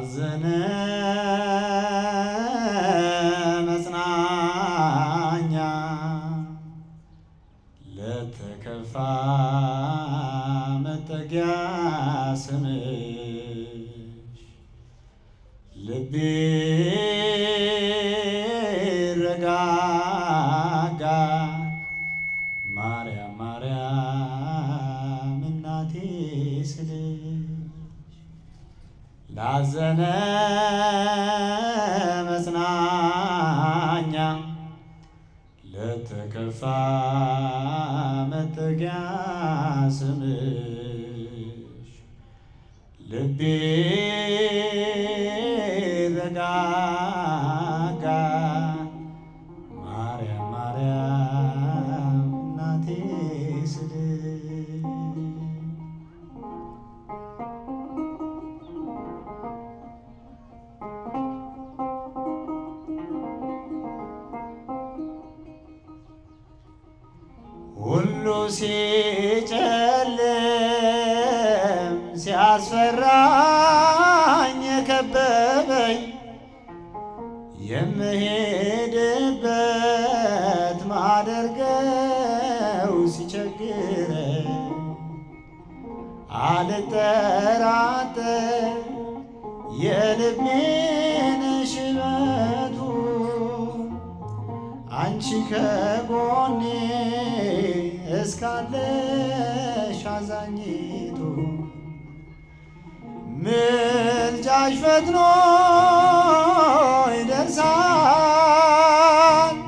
حزنا የተከፋ መጠጊያ ስምሽ ልቤ ሲጨልም ሲያስፈራኝ የከበበኝ የምሄድበት ማደርገው ሲቸግረኝ አልጠራጠር የልቤን ሽበቱ አንቺ ከጎኔ እስካለሽ አዛኝቱ ምልጃሽ ፈጥኖ ይደርሳል።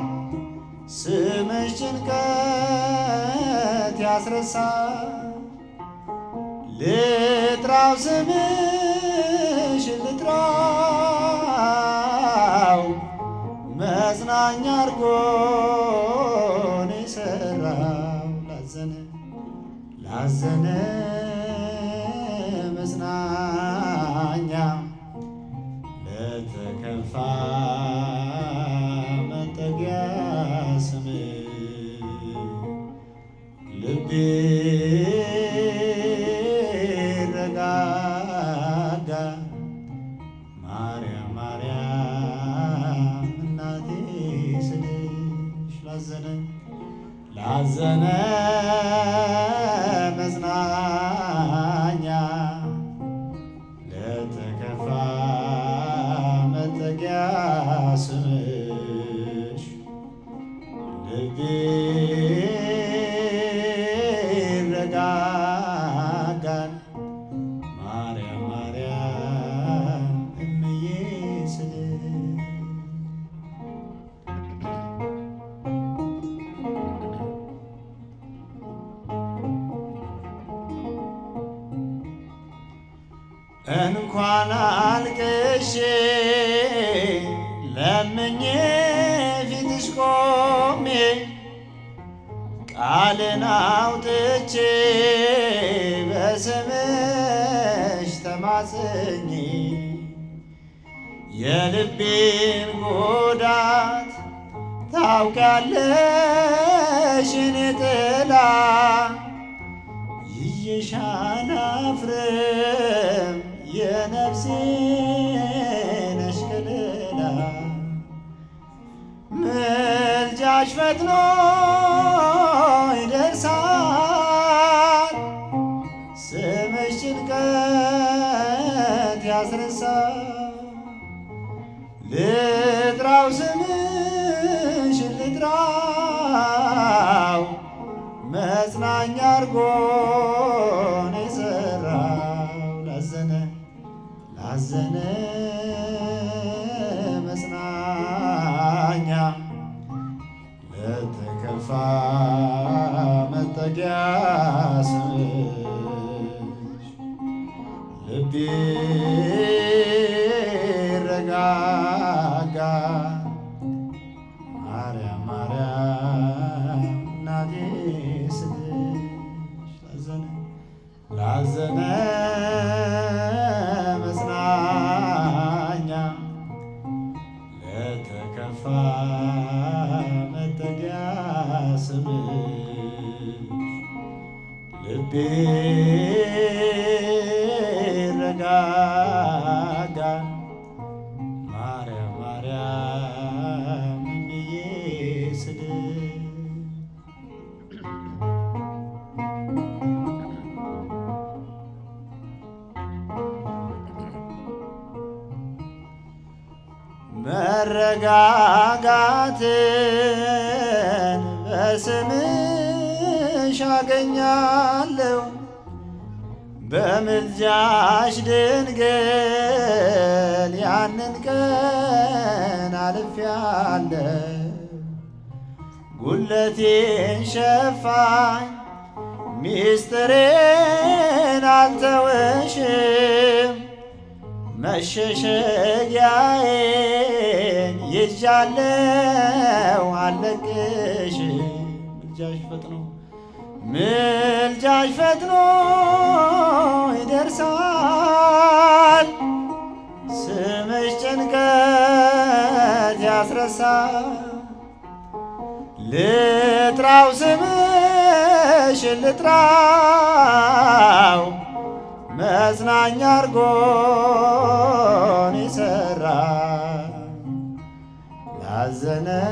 ስምሽ ጭንቀት ያስረሳል። ልጥራው ስምሽ ልጥራው መጽናኛ አርጎ sene ተማጽኜ የልቤን ጎዳት ታውቂያለሽ እኔ ጥላ ይይሻል ፍርም የነፍሴ ነሽ ከለላ ምልጃሽ ፈጥኖ እንዳስረሳ ልጥራው ስምሽን ልጥራው መጽናኛ አርጎ መረጋጋትን በስምሽ አገኛለሁ። በምልጃሽ ድንግል ያንን ቀን አልፌአለሁ። ጉለቴን ሸፋኝ ሚስጥሬን አልተወሽም መሸሸጊያዬ ሄጃለው አለቅሽ ምልጃሽ ፈጥኖ ምልጃሽ ፈጥኖ ይደርሳል ስምሽ ጭንቀት ያስረሳል ልጥራው ስምሽ ልጥራው መዝናኛ አርጎን ይሰራል حزنا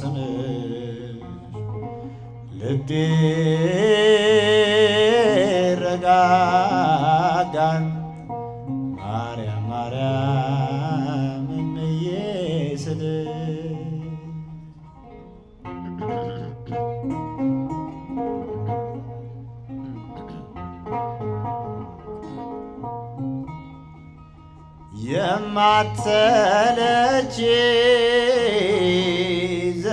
ስምሽ ልቤ ረጋጋን ማርያም ማርያም እምዬ ስልሽ የማትሰለች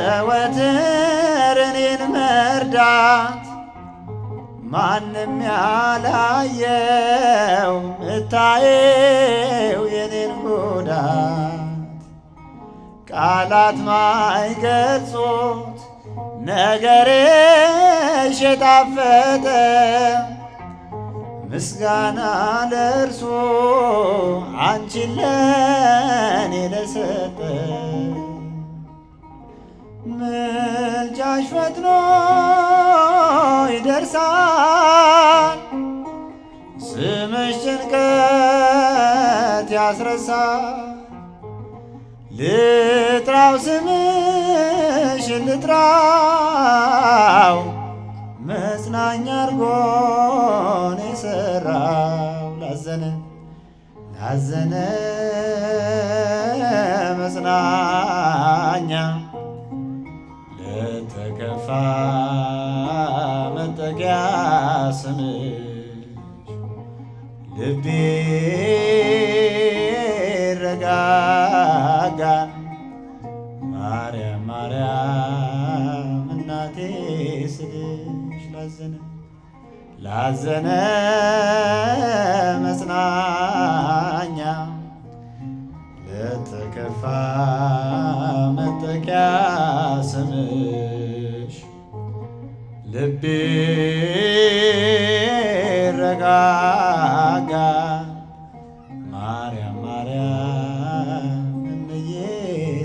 ዘወትር እኔን መርዳት ማንም ያላየው እታየው የኔን ጉዳት ቃላት ማይገልጹት ነገሬሽ የጣፈጠ ምስጋና ለእርሶ አንቺን ለኔ ለሰጠ ደራሽ ፈጥኖ ይደርሳል። ስምሽ ጭንቀት ያስረሳል። ልጥራው ስምሽ ልጥራው መጽናኛ አርጎን የሰራው ላዘነ ላዘነ መጠጊያ ስምሽ ልቤ ረጋጋል። ማርያም ማርያም እናቴ ስልሽ ላዘነ ላዘነ መጽናኛ ለተከፋ መጠጊያ እንድረጋጋ ማርያም ማርያም እምዬ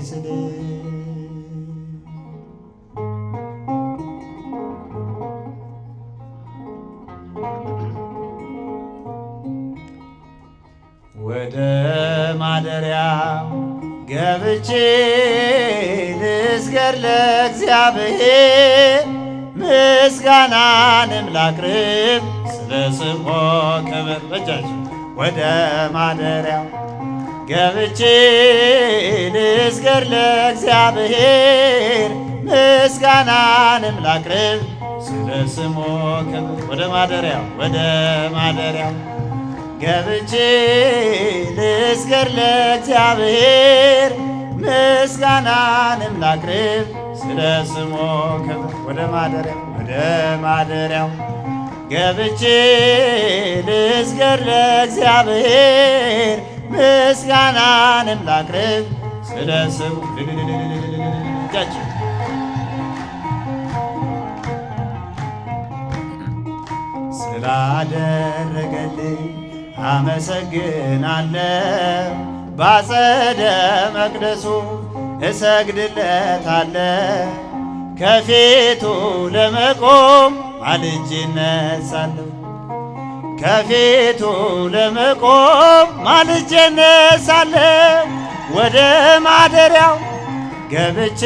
ስል ወደ ማደሪያው ገብቼ ልስገድ ለእግዚአብሔር ምስጋናንም ላቅርብ ስለ ስሞ ክብር በጃቸው ወደ ማደሪያው ገብቼ ልስገር ለእግዚአብሔር ምስጋናንም ላቅርብ ስለ ስሞ ክብር ወደ ማደሪያው ወደ ማደሪያው ገብቼ ልስገር ለእግዚአብሔር ምስጋናንም ላቅርብ ስለ ስሞ ክብር ወደ ማደሪያው ወደ ማደሪያው ገብቼ ልስገድ ለእግዚአብሔር ምስጋናንም ላቅርብ ስለ ስሙ ስላደረገልኝ አመሰግናለሁ ባጸደ መቅደሱ እሰግድለታለሁ ከፊቱ ለመቆም ማልጄ እነሳለሁ ከፊቱ ለመቆም ማልጄ እነሳለሁ ወደ ማደሪያው ገብቼ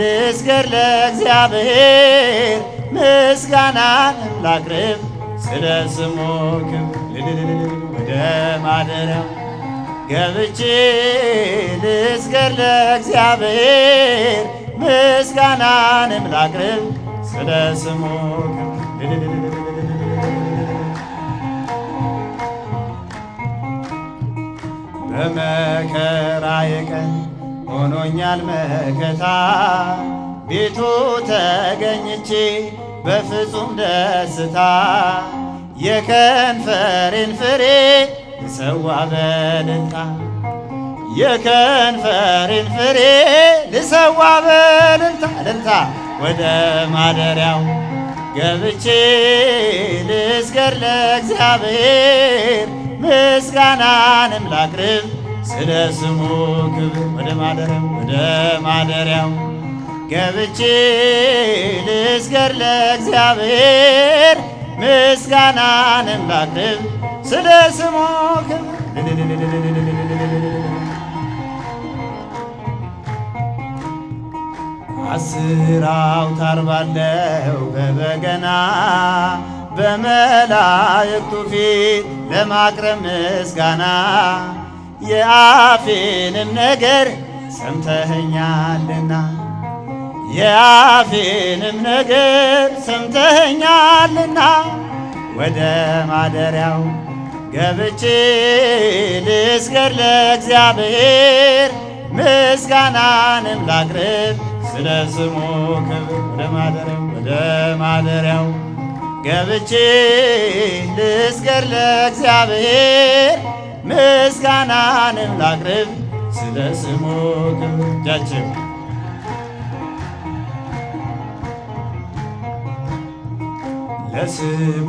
ልስገድ ለእግዚአብሔር ምስጋናን ላቅርብ ስለ ስሙ ክብር ወደ ማደሪያው ገብቼ ልስገር ለእግዚአብሔር ምስጋናንም ላቅርብ ስለ ስሙ በመከራዬ ቀን ሆኖኛል መከታ ቤቱ ተገኝቼ በፍጹም ደስታ የከንፈሬን ፍሬ ሰዋ በልልታ የከንፈሬን ፍሬ ልሰዋ በልልታ ልልታ ወደ ማደሪያው ገብቼ ልስገድ ለእግዚአብሔር ምስጋናንም ላቅርብ ስለ ስሙ ክብር ወደ ማደሪያው ወደ ማደሪያው ገብቼ ልስገድ ለእግዚአብሔር ምስጋናንም ላቅርብ ስለ አስር አውታር ባለው በበገና በመላእክቱ ፊት ለማቅረብ ምስጋና የአፌንም ነገር ሰምተኸኛልና የአፌንም ነገር ሰምተኸኛልና ወደ ማደሪያው ገብቼ ልስገር ለእግዚአብሔር ምስጋናንም ላቅርብ ስለ ስሙ ክብር ማደሪያው ወደ ማደሪያው ገብቼ ልስገር ለእግዚአብሔር ምስጋናንም ላቅርብ ስለ ስሙ ክብር ለስሙ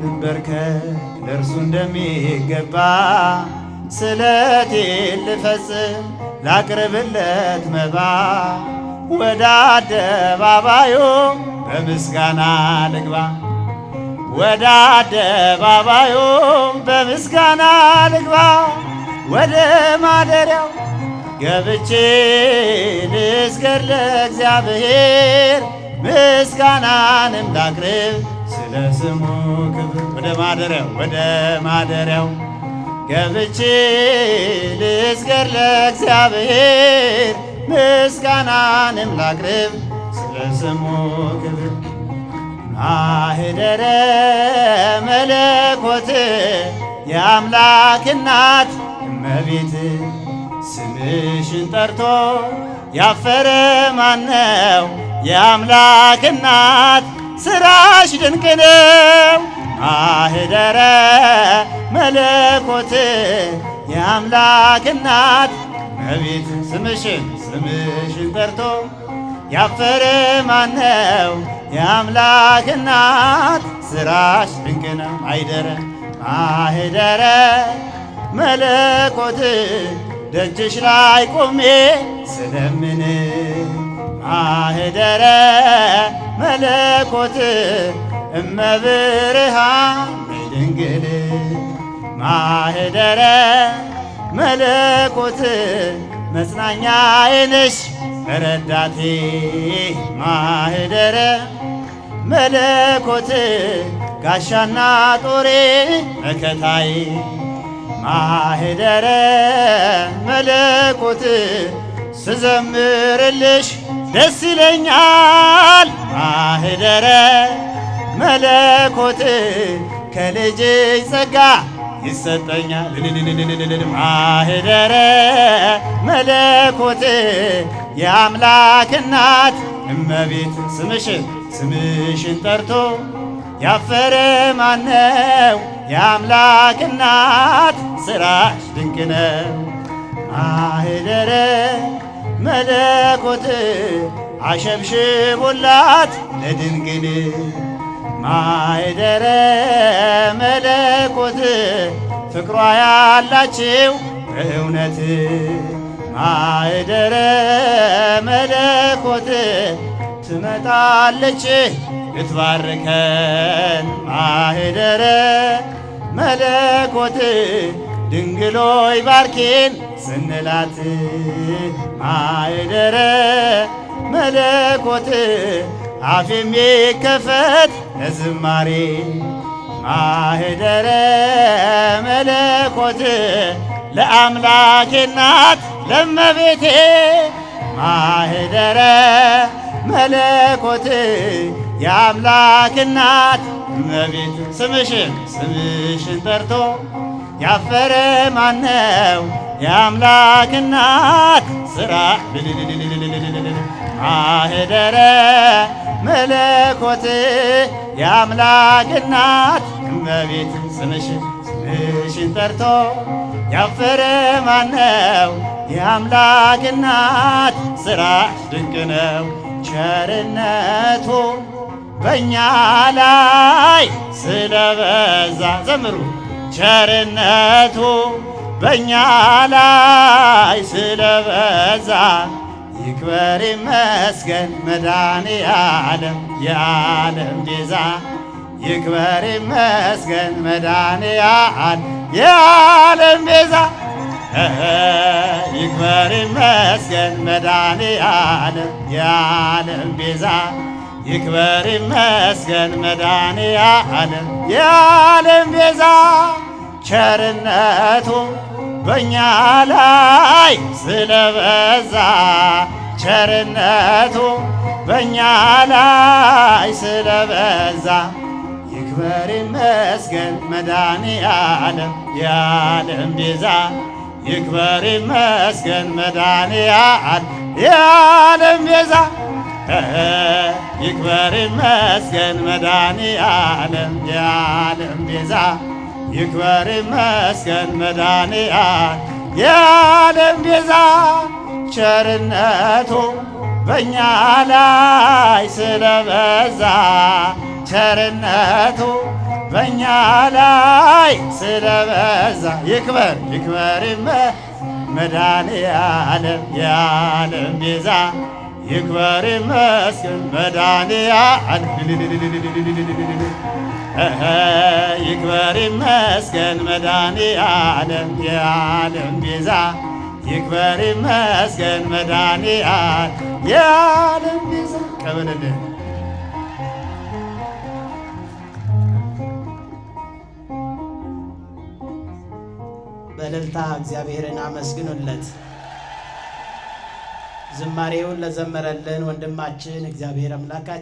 ልንበርከክ ለእርሱ እንደሚገባ ስለቴን ልፈጽም ላቅርብለት መባ ወደ አደባባዩ በምስጋና ልግባ ወደ አደባባዩ በምስጋና ልግባ ወደ ማደሪያው ገብቼ ልስገድ ለእግዚአብሔር ምስጋናንም ላቅርብ ለስሙ ክብር ወደ ማደሪያው ወደ ማደሪያው ገብቼ ልስገር ለእግዚአብሔር ምስጋናንም ላቅርብ ስለስሙ ክብር ማህደረ መለኮት የአምላክ እናት እመቤት ስምሽን ጠርቶ ያፈረ ማነው የአምላክ እናት ስራሽ ድንቅ ነው ማህደረ መለኮት የአምላክ እናት እመቤት ስምሽን ስምሽን ጠርቶ ያፈረ ማነው? የአምላክ እናት ስራሽ ድንቅ ነው ማህደረ ማህደረ መለኮት ደጅሽ ላይ ቆሜ ስለምን ማህደረ መለኮት እመብርሃን ድንግል ማህደረ መለኮት መጽናኛዬ ነሽ ረዳቴ ማህደረ መለኮት ጋሻና ጦሬ መከታዬ ማህደረ መለኮት ስዘምርልሽ ደስ ይለኛል ማህደረ መለኮት ከልጅ ጸጋ ይሰጠኛል ማህደረ መለኮት የአምላክ እናት እመቤት ስምሽን ስምሽን ጠርቶ ያፈረ ማነው? የአምላክ እናት ስራሽ ድንቅ ነው። ማህደረ መለኮት አሸብሽቦላት ለድንግል ማይደረ መለኮት ፍቅሯ ያላችው በእውነት ማይደረ መለኮት ትመጣለች ልትባርከን ማይደረ መለኮት ድንግሎይ ባርኬን ስንላት ማይደረ መለኮት አፍ የሚከፈት ለዝማሬ ማህደረ መለኮት ለአምላኬ እናት ለመቤቴ ማህደረ መለኮት የአምላክ እናት ስምሽን ስምሽን ጠርቶ ያፈረ ማነው? የአምላክ እናት ስራ ማህደረ መለኮት የአምላክ እናት እመቤት ስምሽ ስምሽን ጠርቶ ያፈረ ማነው? የአምላክ እናት ስራ ድንቅ ነው ቸርነቱ በእኛ ላይ ስለበዛ ዘምሩ ቸርነቱ በእኛ ላይ ስለበዛ ይክበር ይመስገን መድኃኔ ዓለም የዓለም ቤዛ ይክበር ይመስገን መድኃኔ ዓለም የዓለም ቤዛ ይክበር ይመስገን መድኃኔ ዓለም የዓለም ቤዛ ይክበር ይመስገን መድኃኔ ዓለም የዓለም ቤዛ ቸርነቱ በእኛ ላይ ስለበዛ ቸርነቱ በእኛ ላይ ስለበዛ ይክበር ይመስገን መድኃኔ ዓለም የዓለም ቤዛ ይክበር ይመስገን መድኃኔ የዓለም ቤዛ ይክበር ይመስገን መድኃኔ ዓለም የዓለም ቤዛ ይክበር ይመስገን መድኃኔዓለም የዓለም ቤዛ ቸርነቱ በእኛ ላይ ስለበዛ ቸርነቱ በእኛ ላይ ስለበዛ ይክበር ይክበር መድኃኔዓለም የዓለም ቤዛ ይክበር ይመስገን መድኃኔዓለም ይክበር ይመስገን መድኃኔ ዓለም የዓለም ቤዛ ይክበር ይመስገን መድኃኔ ዓለም የዓለም ቤዛ ቀበለደ በእልልታ እግዚአብሔርን አመስግኑለት። ዝማሬውን ለዘመረልን ወንድማችን እግዚአብሔር አምላካችን